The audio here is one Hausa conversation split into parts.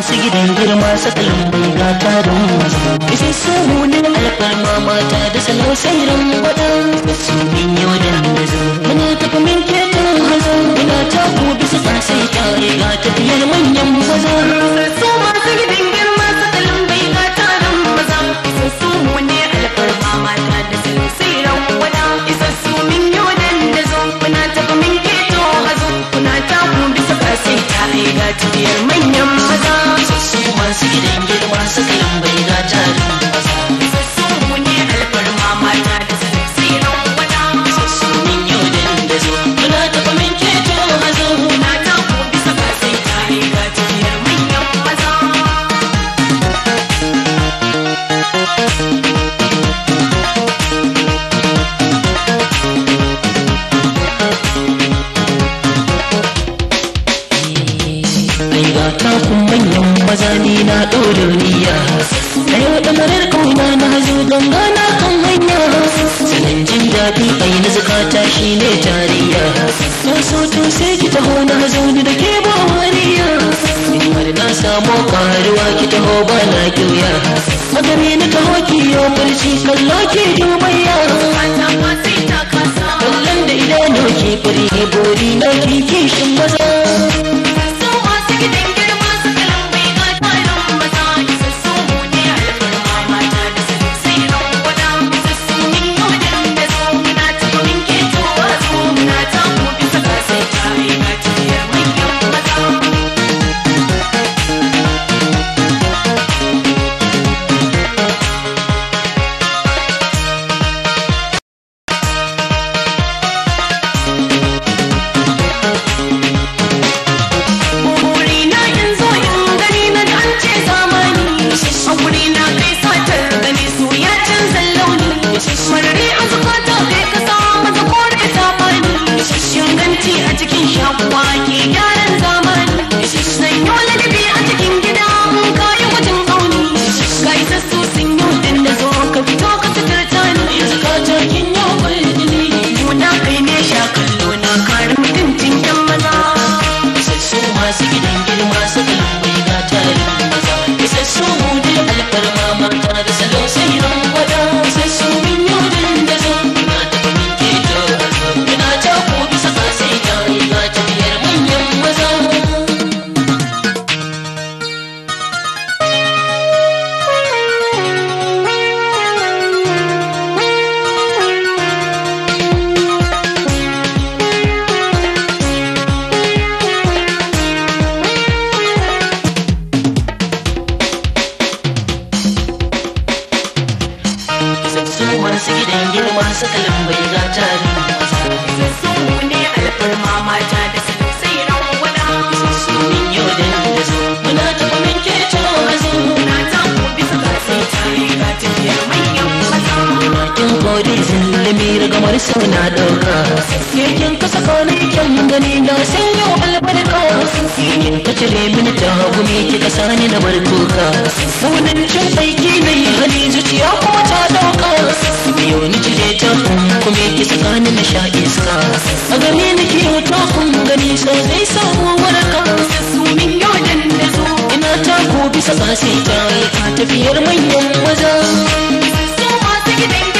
masu gidan girma sakalin bai gata da masu isin samu ne mama mata da sallau sairin wada su min yau da nazo muna tafi min ketan hazo ina ta ku bisa sai ta riga tafiyar mata kun manyan maza ni na ɗora niyya na yau ɗamarar ƙauna na hazo don gana kan hanya sanin jin daɗi ai na zukata shi ne tariya na so to sai ki taho na hazo ni da ke ba wariya in na samu ƙaruwa ki taho ba na ƙiuya magari na taho ki yau barci kallo ki dubayya kallon da idanu ki fari bori na kiki saka lambai ga tari ne alfar mama ta da su sai rawada min yau da da su muna ta kumin ke cewa su na ta gobe su ka sai tare ga tafiyar manyan maza bakin kori zulumi ragamar sau na dauka yakin kasa kone kyan gani na sai yau albarka yin ka cire mini ta gumi kika na bar kuka sunan shan aiki mai hali zuciya bisa ba sai ta tafiyar manyan maza. Yau masu gidan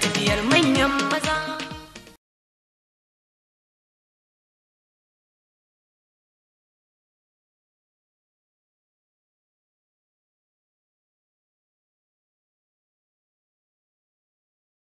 Te vi más